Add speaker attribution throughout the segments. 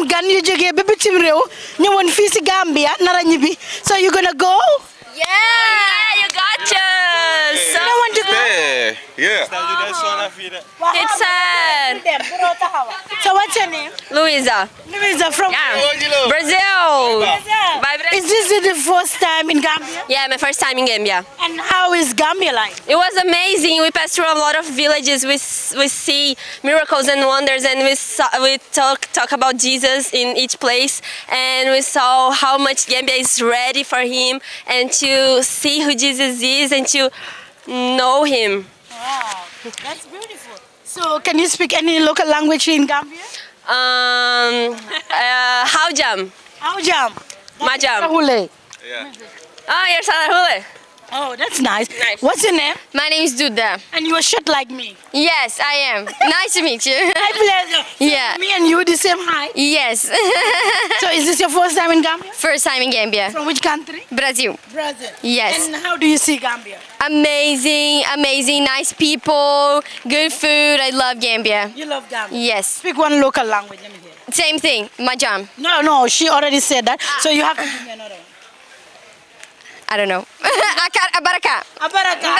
Speaker 1: am gan yu jógee ba bitim réew ñëwoon fii si Gambia nara ñibbi so you gonna go. yeah you gotcha. so.
Speaker 2: Yeah. It's
Speaker 1: sad. So what's your name? Louisa. Louisa from yeah. Brazil. Brazil. Is this the first time in Gambia? Yeah, my first time in Gambia. And how is Gambia like? It was amazing. We passed through a lot of
Speaker 2: villages. We, we see miracles and wonders and we, saw, we talk, talk about Jesus in each place. And we saw how much Gambia is ready for him
Speaker 1: and to see who Jesus is and to know him. That's beautiful. So can you speak any local language in Gambia? Um, uh, Haujam. Majam. Hule. Yeah. Oh, you're Sarahule. Oh, that's nice. nice. What's your name? My name is Duda. And you are short like me? Yes, I am. nice to meet you. My pleasure. Yeah same height? Yes. so is this your first time in Gambia? First time in Gambia. From which country? Brazil. Brazil. Yes. And how do you see Gambia? Amazing, amazing, nice people, good food. I love Gambia. You love Gambia? Yes. Speak one local language, let me hear. Same thing, Majam. No, no, she already said that. Ah. So you have to give me another one. I don't know. Abaraka. Abaraka.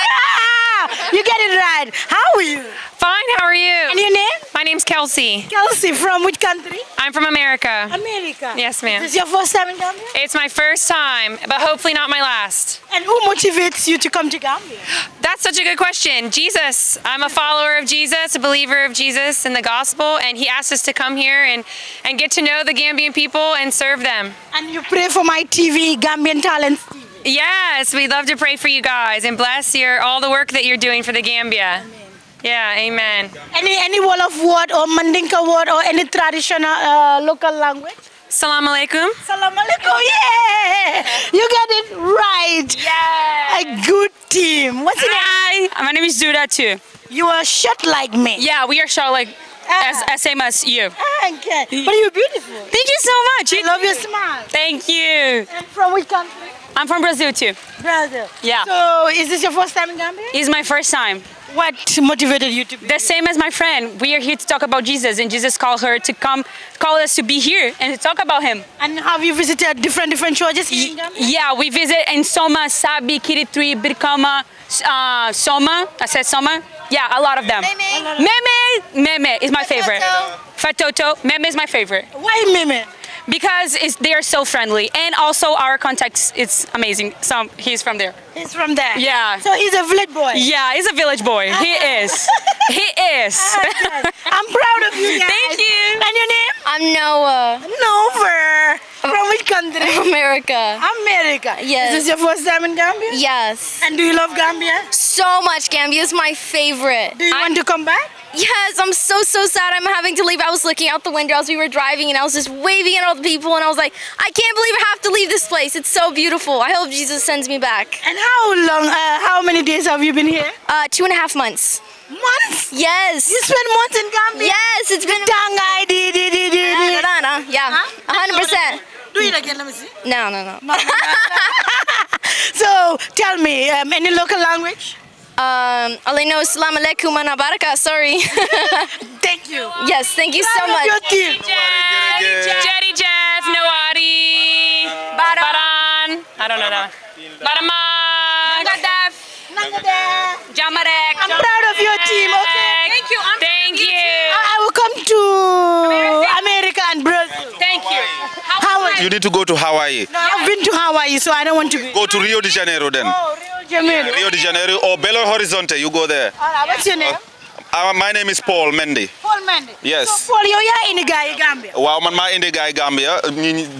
Speaker 1: You get it right. How are you? Fine, how are you? And your name? My name's Kelsey. Kelsey, from which country? I'm from America. America? Yes, ma'am. Is this your first time in Gambia? It's my first time, but hopefully not my last. And who motivates you to come to Gambia? That's such a good question. Jesus. I'm a follower of Jesus, a believer of Jesus and the gospel, and he asked us to come here and, and get to know the Gambian people and serve them. And you pray for my TV, Gambian Talents TV. Yes, we'd love to pray for you guys and bless your all the work that you're doing for the Gambia. Amen. Yeah, amen. Any any wall of word or Mandinka word or any traditional uh, local language? Salam alaikum. Salam alaikum, oh, yeah! You got it right. Yeah. A good team. What's your name? Hi, my name is Duda too. You are short like me. Yeah, we are short like as, ah. as same as you. Ah, okay. But you're beautiful. Thank you so much. I love your smile. Thank you. And from which country? I'm from Brazil too. Brazil. Yeah. So is this your first time in Gambia? It's my first time. What motivated you to be The here? same as my friend. We are here to talk about Jesus and Jesus called her to come, called us to be here and to talk about him. And have you visited different different churches here in Gambia? Yeah, we visit in Soma, Sabi, Kiritri, Birkama, uh, Soma. I said Soma. Yeah, a lot of them. Meme. Meme. Meme is my favorite. Fatoto. Meme is my favorite. Why Meme? Because they are so friendly. And also our contacts, is amazing. So He's from there. He's from there. Yeah. So he's a village boy. Yeah, he's a village boy. Ah. He is. he ah, is. I'm proud of you guys. Thank you. And your name? I'm Noah. Noah. From which country? America. America. Yes. Is this your first time in Gambia? Yes. And do you love Gambia? so much, Gambia is my favorite. Do you I, want to come back? Yes, I'm so, so sad I'm having to leave. I was looking out the window as we were driving and I was just waving at all the people and I was like, I can't believe I have to leave this place. It's so beautiful. I hope Jesus sends me back. And how long, uh, how many days have you been here? Uh, two and a half months. Months? Yes. You spent months in Gambia? Yes, it's been... Dangai, ah, Yeah, huh? 100%. Do it again, let me see. No, no, no. so, tell me, um, any local language? Um, all I know is salam alaikum and abaraka, sorry. thank you. Yes, thank you so much. Jetty Jeff, Nawari, Baran, I don't know that. Baramak, Nangadef, Nangadef, Jamarek. I'm proud of your team, okay? Thank you. I'm thank you. I will come to America and Brazil. Thank you. Hawaii. You need to go to
Speaker 2: Hawaii. No, I've been to Hawaii, so I don't want to. Go to Rio de Janeiro then. Oh, Janeiro. Rio de Janeiro or oh, Belo Horizonte, you go there. All right, what's your name? Uh, Uh, my name is Paul Mendy. Paul Mendy. Yes. So
Speaker 1: Paul, you are in gars yi Gambia.
Speaker 2: Wow, man my in gars yi Gambia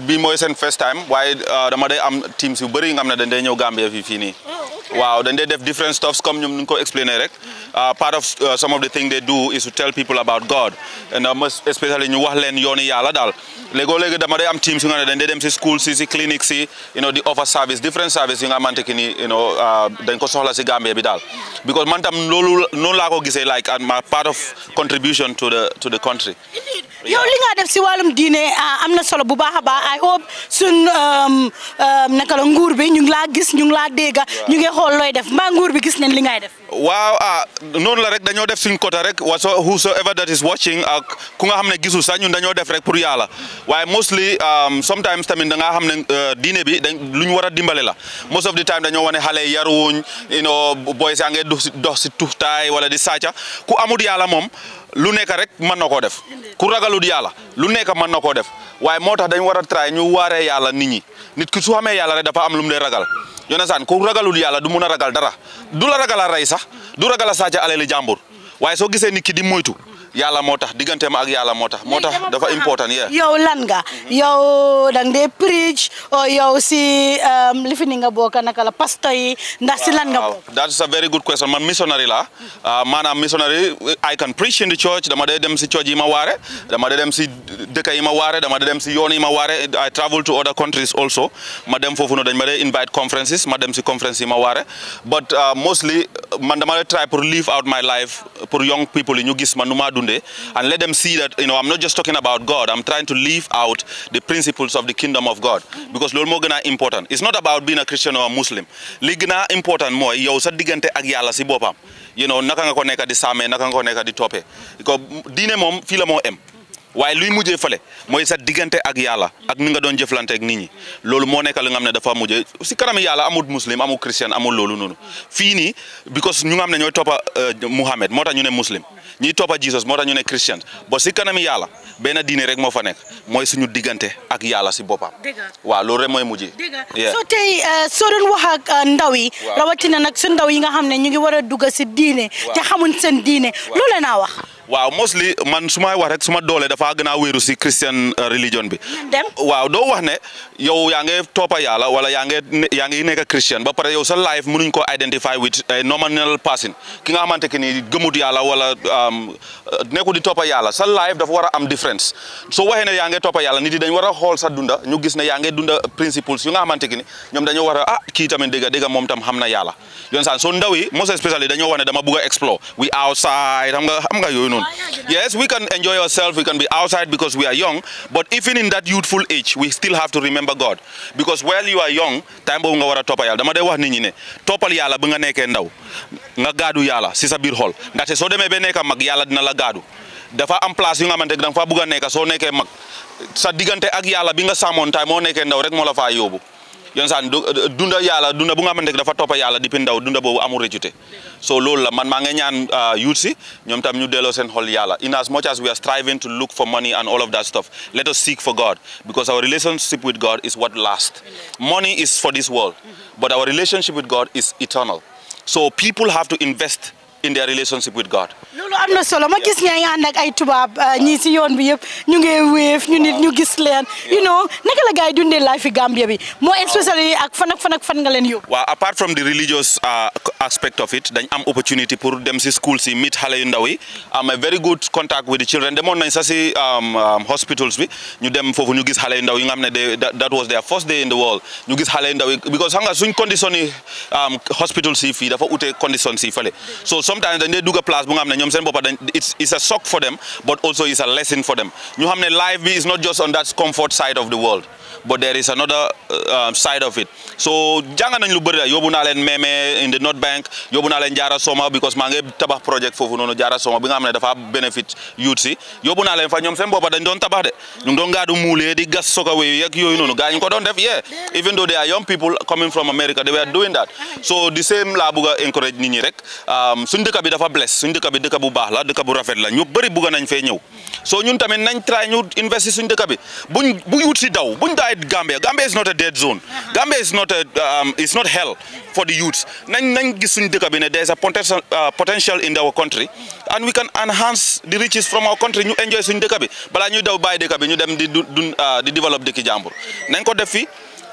Speaker 2: Be more than first time waaye The day I'm teams yu bring. I'm not xam ne dañ Gambia fii fii nii. Mm, waaw dañ dee def different stuffs comme ñoom ah, uh, some of the thing they is to tell people about God and uh, especially ñu wax leen yooni yàlla daal team school si si clinique you know di offer service different service yi nga xamante ki ni you know uh, dañ ko soxla si Gambie bi daal because man tam loolu noonu laa ko gisee like ma part of contribution to the to country
Speaker 1: yow li nga def si wàllum diine am na solo bu baax a baax I hope suñ um, um, naka la nguur bi ñu ngi laa gis ñu xool looy def mbaa nguur bi gis nañ li ngay def.
Speaker 2: waaw ah noonu la rek dañoo def suñ côté rek waso whosoever that is watching ak ku nga xam ne gisul sax ñun dañoo def rek pour yàlla waaye mostly um, sometimes tamit da ngaa xam ne uh, diine bi dañ lu ñu war a dimbale la most of the time dañoo wane xale yi yaruwuñ you know booy saa ngay dox si dox si tuxtaay wala di sàcca ku amut yàlla moom lu nekk rek mën na koo def ku ragalut yàlla lu nekk mën na koo def waaye moo tax dañ war a try ñu waaree yàlla nit ñi nit ki su xamee yàlla rek dafa am lu mu lay ragal. yonesaan ku ragalul yàlla du mun a ragal dara du la ragal a rey sax du ragal a sàcc alali jàmbur waaye soo gisee nit ki di moytu yàlla moo tax digganteem ak yàlla moo tax iya, moo tax iya, dafa important Ya yow
Speaker 1: lan nga mhm. yow dang dee preach oh, yow si li fi ni nga bokk naka la pastor yi ndax si lan nga
Speaker 2: bokk that is a very good question man missionary la mhm. ah, maanaam missionary I can preach in the church dama dee dem si church yi ma waare mhm. dama dee dem si dëkk yi ma waare dama dee dem si yoon yi ma waare I travel to other countries also ma dem foofu noonu dañ ma dee invite conferences ma dem si conference yi ma waare but ah, mostly man dama try pour live out my life pour young people yi ñu gis ma nu Sunday and let them see that, you know, I'm not just talking about God. I'm trying to leave out the principles of the kingdom of God. Because loolu moo gën important. It's not about being a Christian or a Muslim. Li gën important mooy yow sa diggante ak yàlla si boppam. You know, naka nga ko nekk di sàmmee, naka nga ko nekk di toppee. Ko diine mom fii la moo em. waaye luy mujjee fële mooy sa diggante ak yàlla ak ni nga doon jëflante ak nit ñi loolu moo nekk li nga xam ne dafa mujjee si kanam yàlla amul muslim amul christian amul loolu noonu fii nii because ñu nga xam ne ñooy toppa euh, Muhammad moo tax ñu ne muslim ñiy toppa Jesus moo tax ñu ne christian bo si kanam yàlla benn diine rek moo fa nekk mooy suñu diggante ak yàlla si boppam waaw loolu rek mooy mujjee so
Speaker 1: tey euh, soo doon wax euh, ndaw yi rawatina nag su ndaw yi nga xam ne ñu ngi war a dugg si diine te xamuñ seen diine loolu naa wax
Speaker 2: Wow, mostly man suma may wax rek suma dole dafa si christian uh, religion bi. Wow, do wax ne yow yaa ngi wala yaa ngi yaa nekk christian ba pare yow sa life mënuñ ko identify with a normal person ki nga xamante ke ni gëmut wala um, nekkul di topa yala sa life dafa wara am difference So waxee ne yaa ngi yala yàlla nit yi dañ war sa dunda ñu gis ne dunda principles yu nga xamante ke ni ñoom a ah kii tamit dega dégg mom tam hamna yala. yon sa so ndaw yi most especially dañoo wax ne dama explore we outside xam nga xam nga afternoon. Yes, we can enjoy ourselves, we can be outside because we are young, but even in that youthful age, we still have to remember God. Because while you are young, time bo nga wara topa yalla. dama day wax nit ñi ne yala yalla bu nga nekkee ndaw nga gaadu yalla ci sa biir xol ndaxte soo demee ba nekk mag yalla dina la gaadu dafa am place yu nga danga faa bugg so nekk soo mag sa diggante ak yalla bi nga sàmmoon taay mo nekkee ndaw rek mo la fa yon saan dunda yàlla dunda bu nga xamante dafa toppa yàlla ndaw dunda amul so loolu la man maa ngi ñaan uh, youth si ñoom tam ñu delloo sen xol yàlla in as much as we are striving to look for money and all of that stuff let us seek for God because our relationship with God is what lasts money is for this world but our relationship with God is eternal so people have to invest in their relationship with God.
Speaker 1: loolu am solo ma gis ngeen ànd ak ay tubaab ah, ñi si yoon bi yëpp ñu ngi wéef ñu nit ñu gis leen. you know naka la gars yi dundee life yi Gambia bi moo especially ak fan ak fan ak fan nga leen yóbbu.
Speaker 2: waaw apart from the religious ah, aspect of it dañ am opportunity pour dem si school si meet xale yu ndaw yi am a very good contact with the children demoon nañ sa si um, um, hospitals bi ñu dem foofu ñu gis xale yu ndaw yi nga xam ne de that was their first day in the world ñu gis xale yu ndaw yi because xam nga suñ condition yi um, hospital si fii dafa ute condition si fële so sometimes when they do place bu nga it's a shock for them but also it's a lesson for them You have ne life is not just on that comfort side of the world but there is another uh, um, side of it so jàng nañ lu bëri la Mémé in the North Bank yobuna naa leen Jara Soma because maa ngi tabax project foofu noonu Jara Soma bi nga xam dafa benefit youth si yóbbu naa leen fa ñoom seen boppa dañ doon tabax de ñu ngi doon di gas sokawee yeeg yooyu noonu gaa ñu ko doon def yeah even though they are young people coming from America they were doing that so the same labuga bëgg a encourage nit rek um, suñ dëkk bi dafa bless suñ dëkk bi dëkk bu baax la dëkk bu rafet la ñu bëri bëgg nañ fe ñëw so ñun tamit nañ try ñu investi suñ dëkk bi buñ bu yut ci daw buñ daay Gambia Gambia is not a dead zone Gambia is not a um, is not hell for the youths nañ nañ gis suñ dëkk bi ne there is a uh, potential in our country and we can enhance the riches from our country ñu enjoy suñ dëkk bi bala ñu daw baay dëkk bi ñu dem di uh, di develop dëkk jambour nañ ko def fi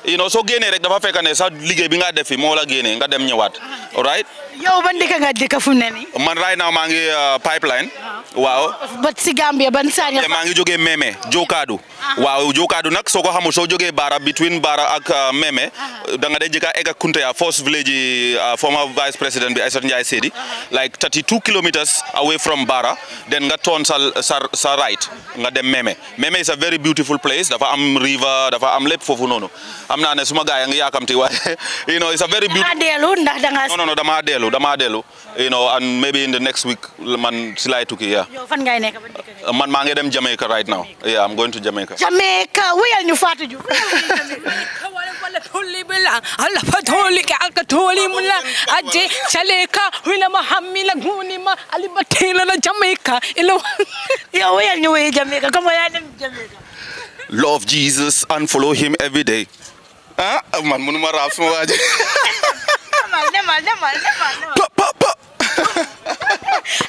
Speaker 2: you know soo rek dafa fekane sa liggéey bi nga def fi mo la gene nga dem ñewat all right.
Speaker 1: yow ban dëkk nga dëkk fu neni
Speaker 2: man right now maa ngi uh, pipeline. waaw
Speaker 1: ba si Gambia ban saa te
Speaker 2: ngi joge Meme jokadu waaw jokadu nag soko ko xamul so jógee bara between bara ak uh, Meme. da nga de jika ega egg ya force village uh, former vice president bi Aïssatou ndjay sedi like 32 kilometers away from bara then nga toon sa sa sa right nga dem Meme Meme is a very beautiful place dafa am river dafa am lépp foofu noonu naa ne suma gaay a ngi yaakamti waaye you know it's a very beautiful.
Speaker 1: adelu ndax da ngaa. no no
Speaker 2: dama adelu dama adelu you know and maybe in the next week man si laay tukki yeah. yo fan ngay nek ba man ma ngay dem Jamaica right now yeah I'm going to Jamaica.
Speaker 1: Jamaica wéyal ñu Fatou Diouf. tolibila ala aje chaleka wina mahamila gunima alibatela na Jamaica ilo ya wewe ni Jamaica kama Jamaica
Speaker 2: Love Jesus and follow him every day. ah man mënu ma raaf suma waa ji.
Speaker 1: demal demal demal demal.